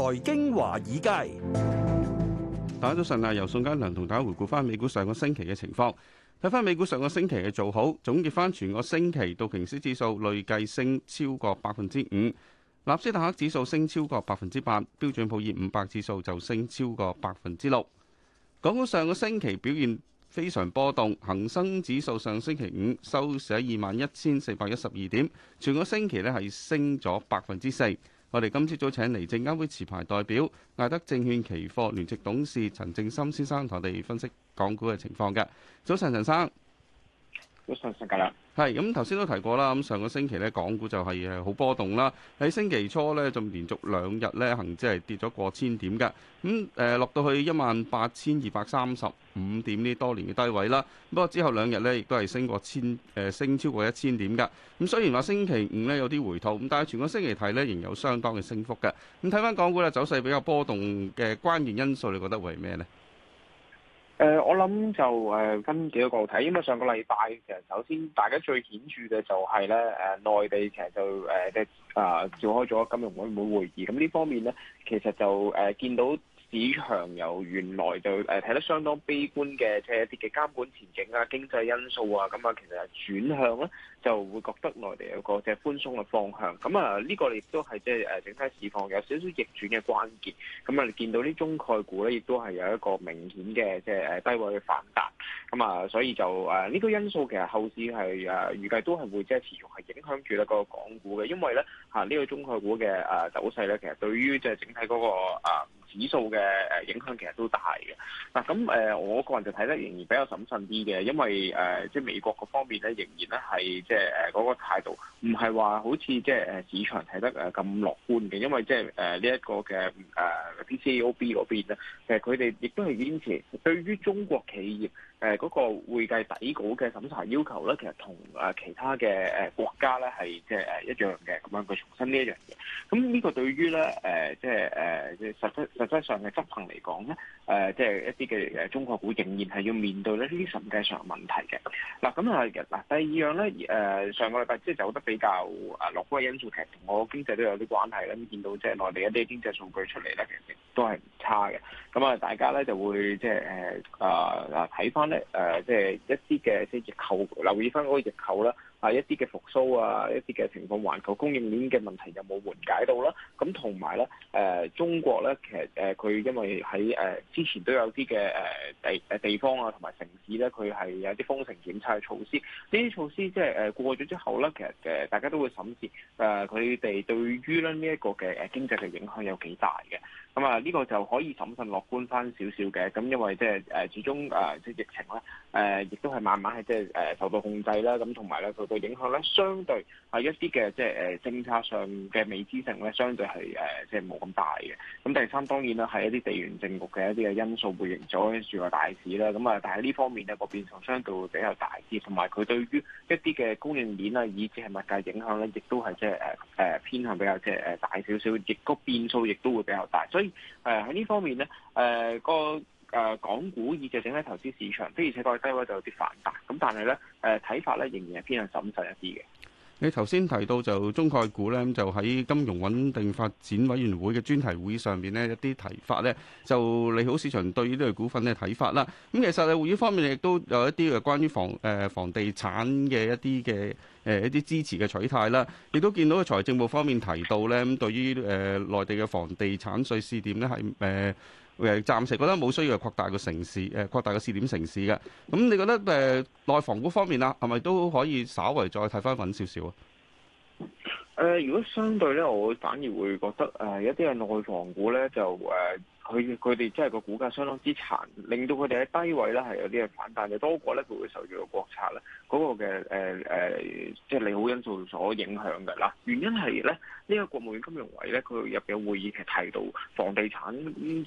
財經華爾街，大家早晨啊，由宋嘉良同大家回顧翻美股上個星期嘅情況。睇翻美股上個星期嘅做好，總結翻全個星期道瓊斯指數累計升超過百分之五，納斯達克指數升超過百分之八，標準普爾五百指數就升超過百分之六。港股上個星期表現非常波動，恒生指數上星期五收市二萬一千四百一十二點，全個星期呢係升咗百分之四。我哋今朝早請嚟證監會持牌代表艾德證券期貨聯席董事陳正森先生同我哋分析港股嘅情況嘅。早晨，陳生。都上升啦，係咁頭先都提過啦。咁上個星期咧，港股就係誒好波動啦。喺星期初咧，就連續兩日咧，恒指係跌咗過千點嘅。咁誒落到去一萬八千二百三十五點呢多年嘅低位啦。不過之後兩日咧，亦都係升過千誒，升超過一千點嘅。咁雖然話星期五咧有啲回吐，咁但係全個星期睇咧，仍有相當嘅升幅嘅。咁睇翻港股咧，走勢比較波動嘅關鍵因素，你覺得會係咩呢？誒、呃，我諗就誒、呃，跟幾個角度睇，因為上個禮拜其實首先大家最顯著嘅就係咧，誒、呃，內地其實就誒嘅、呃啊、召開咗金融委員會會議，咁呢方面咧，其實就誒、呃、見到，市場由原來就誒睇得相當悲觀嘅，即係一啲嘅監管前景啊、經濟因素啊，咁、嗯、啊，其實係轉向咧就會覺得內地有個即係寬鬆嘅方向。咁、嗯、啊，呢、這個亦都係即係誒整體市況有少少逆轉嘅關鍵。咁、嗯、啊，你見到啲中概股咧，亦都係有一個明顯嘅即係誒低位嘅反彈。咁、嗯、啊，所以就誒呢、啊這個因素其實後市係誒、啊、預計都係會即係持續係影響住呢個港股嘅，因為咧嚇呢、啊這個中概股嘅誒走勢咧，其實對於即係整體嗰、那個、啊指數嘅誒影響其實都大嘅，嗱咁誒，我個人就睇得仍然比較審慎啲嘅，因為誒、呃、即係美國嗰方面咧，仍然咧係即係誒嗰個態度，唔係話好似即係誒市場睇得誒咁樂觀嘅，因為即係誒、呃這個呃、呢一個嘅誒 PCAOB 嗰邊咧，其實佢哋亦都係堅持對於中國企業，誒嗰、呃那個會計底稿嘅審查要求咧，其實同誒其他嘅誒國家咧係即係誒一樣嘅，咁樣佢重新呢一樣嘢。咁呢個對於咧誒即係誒實質實質上嘅執行嚟講咧，誒即係一啲嘅誒中國股仍然係要面對咧呢啲審計上嘅問題嘅。嗱咁啊嗱第二樣咧誒、呃、上個禮拜即係走得比較誒樂觀嘅因素，其實同我經濟都有啲關係啦。見到即係內地一啲經濟數據出嚟咧，其實都係，差嘅，咁啊、嗯，大家咧就會即係誒啊嗱，睇翻咧誒，即係、呃就是、一啲嘅即係逆購，留意翻嗰個逆購啦。啊一啲嘅復甦啊一啲嘅情況，環球供應鏈嘅問題有冇緩解到啦？咁同埋咧，誒、呃、中國咧，其實誒佢、呃、因為喺誒、呃、之前都有啲嘅誒地誒地方啊同埋城市咧，佢係有啲封城檢測嘅措施。呢啲措施即係誒過咗之後咧，其實誒大家都會審視誒佢哋對於咧呢一、這個嘅誒經濟嘅影響有幾大嘅。咁啊呢個就可以審慎樂觀翻少少嘅。咁因為即係誒始終誒、呃、即疫情咧誒，亦、呃、都係慢慢係即係誒受到控制啦。咁同埋咧佢。個影響咧，相對係一啲嘅即係誒政策上嘅未知性咧，相對係誒即係冇咁大嘅。咁第三當然啦，係一啲地緣政局嘅一啲嘅因素會影響住個大市啦。咁啊，但係呢方面咧，個變數相對會比較大啲，同埋佢對於一啲嘅供應鏈啊、以至係物價影響咧，亦都係即係誒誒偏向比較即係誒大少少，亦個變數亦都會比較大。所以誒喺呢方面咧，誒、呃個。誒港、呃、股以至整體投資市場，非而且代低位就有啲繁大，咁但係咧誒睇法咧，仍然係偏向審慎一啲嘅。你頭先提到就中概股咧，就喺金融穩定發展委員會嘅專題會議上邊呢，一啲提法咧，就利好市場對呢類股份嘅睇法啦。咁、嗯、其實你會議方面亦都有一啲嘅關於房誒、呃、房地產嘅一啲嘅誒一啲支持嘅取態啦，亦都見到財政部方面提到咧，咁、嗯、對於誒、呃、內地嘅房地產稅試點咧係誒。誒暫時覺得冇需要擴大個城市，誒擴大個試點城市嘅。咁你覺得誒、呃、內房股方面啊，係咪都可以稍為再睇翻穩少少啊？誒、呃，如果相對咧，我反而會覺得誒、呃、一啲嘅內房股咧就誒。呃佢佢哋即係個股價相當之殘，令到佢哋喺低位咧係有啲嘅反彈，就多過咧佢會受住個國策咧嗰個嘅誒誒，即係利好因素所影響嘅。嗱，原因係咧呢個國務院金融委咧佢入嘅會議其實提到房地產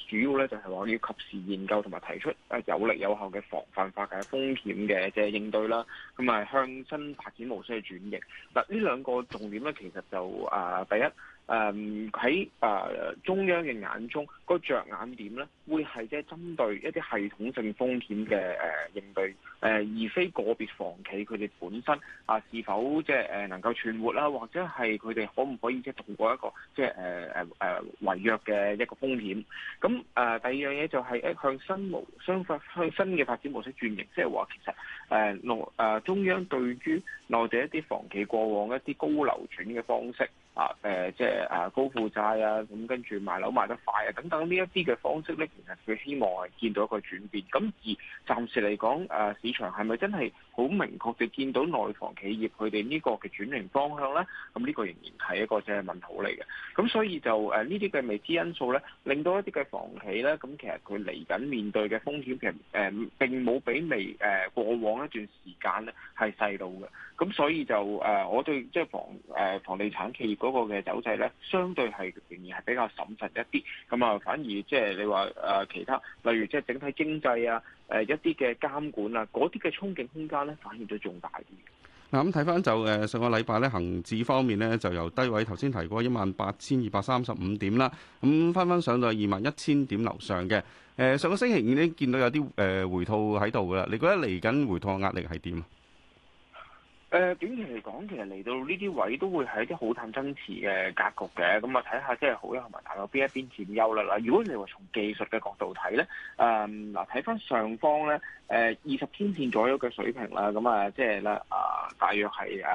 主要咧就係話要及時研究同埋提出誒有力有效嘅防範化解風險嘅即係應對啦，咁啊向新發展模式去轉型。嗱，呢兩個重點咧其實就啊第一。誒喺誒中央嘅眼中，個着眼點咧，會係即係針對一啲系統性風險嘅誒應對，誒、呃、而非個別房企佢哋本身啊是否即係誒能夠存活啦，或者係佢哋可唔可以即係通過一個即係誒誒誒違約嘅一個風險。咁誒、呃、第二樣嘢就係誒向新模式向新嘅發展模式轉型，即係話其實誒內、呃呃、中央對於內地一啲房企過往一啲高流轉嘅方式。啊，誒、呃，即係啊，高負債啊，咁跟住賣樓賣得快啊，等等呢一啲嘅方式咧，其實佢希望係見到一個轉變。咁而暫時嚟講，誒、啊、市場係咪真係好明確地見到內房企業佢哋呢個嘅轉型方向咧？咁呢個仍然係一個即係問號嚟嘅。咁所以就誒呢啲嘅未知因素咧，令到一啲嘅房企咧，咁其實佢嚟緊面對嘅風險，其實誒、啊、並冇比未誒、啊、過往一段時間咧係細路嘅。咁所以就誒、啊、我對即係房誒、啊、房地產企業。嗰個嘅走勢咧，相對係仍然係比較審慎一啲，咁啊，反而即係你話誒其他，例如即係整體經濟啊，誒、呃、一啲嘅監管啊，嗰啲嘅憧憬空間咧，反而都仲大啲。嗱、啊，咁睇翻就誒、呃、上個禮拜咧，恆指方面咧，就由低位頭先提過一萬八千二百三十五點啦，咁翻翻上到二萬一千點樓上嘅。誒、呃、上個星期五已經見到有啲誒、呃、回吐喺度噶啦，你覺得嚟緊回吐壓力係點啊？誒、呃、短期嚟講，其實嚟到呢啲位都會係一啲好淡爭持嘅格局嘅，咁啊睇下即係好有可能睇到邊一邊佔優啦。嗱，如果你話從技術嘅角度睇咧，誒嗱睇翻上方咧，誒二十天線左右嘅水平啦，咁、嗯、啊即係啦啊，大約係誒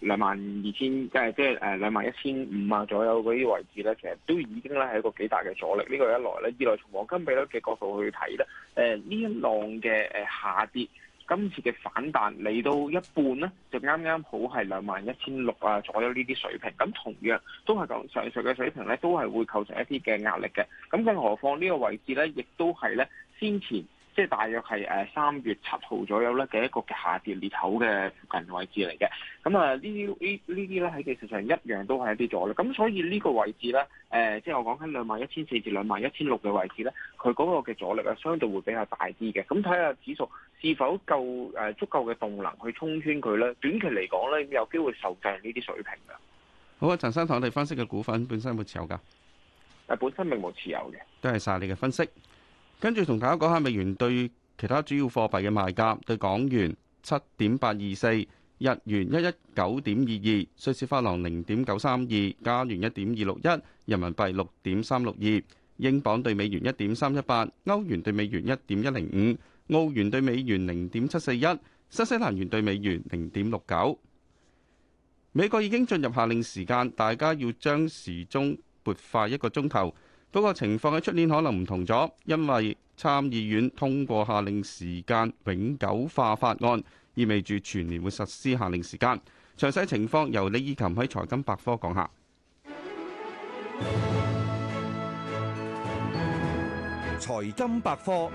兩萬二千，呃、22, 000，即係即係誒兩萬一千五啊左右嗰啲位置咧，其實都已經咧係一個幾大嘅阻力。呢、這個一來咧，二來從黃金比率嘅角度去睇咧，誒、呃、呢一浪嘅誒下跌。今次嘅反彈嚟到一半呢，就啱啱好係兩萬一千六啊左右呢啲水平。咁同樣都係咁上述嘅水平呢，都係會構成一啲嘅壓力嘅。咁更何況呢個位置呢，亦都係呢先前。即係大約係誒三月七號左右咧嘅一個下跌裂口嘅附近位置嚟嘅，咁啊呢啲呢啲咧喺技術上一樣都係一啲阻力，咁所以呢個位置咧誒、呃，即係我講緊兩萬一千四至兩萬一千六嘅位置咧，佢嗰個嘅阻力啊相對會比較大啲嘅，咁睇下指數是否夠誒足夠嘅、呃、動能去衝穿佢咧？短期嚟講咧，有機會受制喺呢啲水平嘅。好啊，陳生，同我哋分析嘅股份本身有冇持有㗎？誒，本身並冇持有嘅。都係曬，你嘅分析。跟住同大家講下美元對其他主要貨幣嘅賣價，對港元七點八二四，日元一一九點二二，瑞士法郎零點九三二，加元一點二六一，人民幣六點三六二，英鎊對美元一點三一八，歐元對美元一點一零五，澳元對美元零點七四一，新西蘭元對美元零點六九。美國已經進入夏令時間，大家要將時鐘撥快一個鐘頭。嗰個情況喺出年可能唔同咗，因為參議院通過夏令時間永久化法案，意味住全年會實施夏令時間。詳細情況由李以琴喺財金百科講下。財金百科。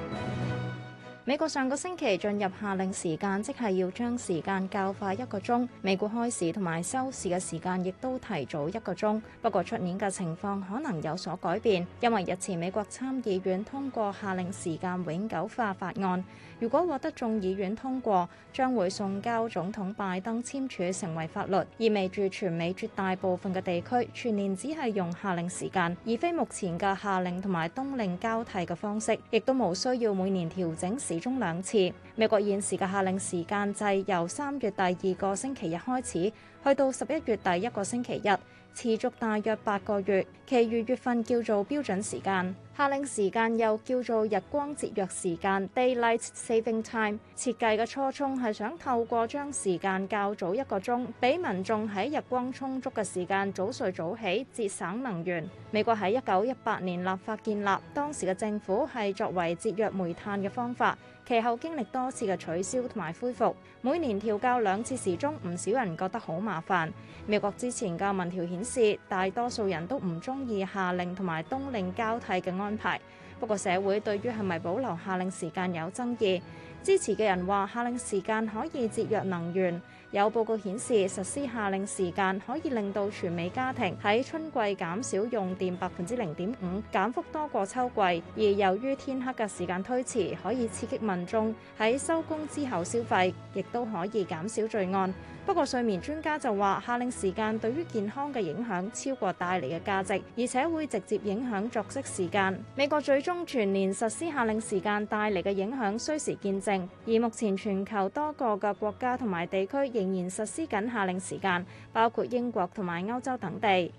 美國上個星期進入夏令時間，即係要將時間較快一個鐘。美國開市同埋收市嘅時間亦都提早一個鐘。不過出年嘅情況可能有所改變，因為日前美國參議院通過夏令時間永久化法案，如果獲得眾議院通過，將會送交總統拜登簽署成為法律，意味住全美絕大部分嘅地區全年只係用夏令時間，而非目前嘅夏令同埋冬令交替嘅方式，亦都冇需要每年調整時中兩次，美國現時嘅夏令時間制由三月第二個星期日開始。去到十一月第一個星期日，持續大約八個月，其餘月份叫做標準時間。夏令時間又叫做日光節約時間 （Daylight Saving Time）。設計嘅初衷係想透過將時間較早一個鐘，俾民眾喺日光充足嘅時間早睡早起，節省能源。美國喺一九一八年立法建立，當時嘅政府係作為節約煤炭嘅方法。其後經歷多次嘅取消同埋恢復，每年調校兩次時鐘，唔少人覺得好麻煩。美國之前嘅民調顯示，大多數人都唔中意夏令同埋冬令交替嘅安排。不過社會對於係咪保留夏令時間有爭議。支持嘅人話夏令時間可以節約能源，有報告顯示實施夏令時間可以令到全美家庭喺春季減少用電百分之零點五，減幅多過秋季。而由於天黑嘅時間推遲，可以刺激民眾喺收工之後消費，亦都可以減少罪案。不過睡眠專家就話夏令時間對於健康嘅影響超過帶嚟嘅價值，而且會直接影響作息時間。美國最終全年實施夏令時間帶嚟嘅影響需時見證。而目前全球多個嘅國家同埋地區仍然實施緊下令時間，包括英國同埋歐洲等地。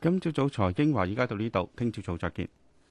今朝早財經華爾街到呢度，聽朝早再見。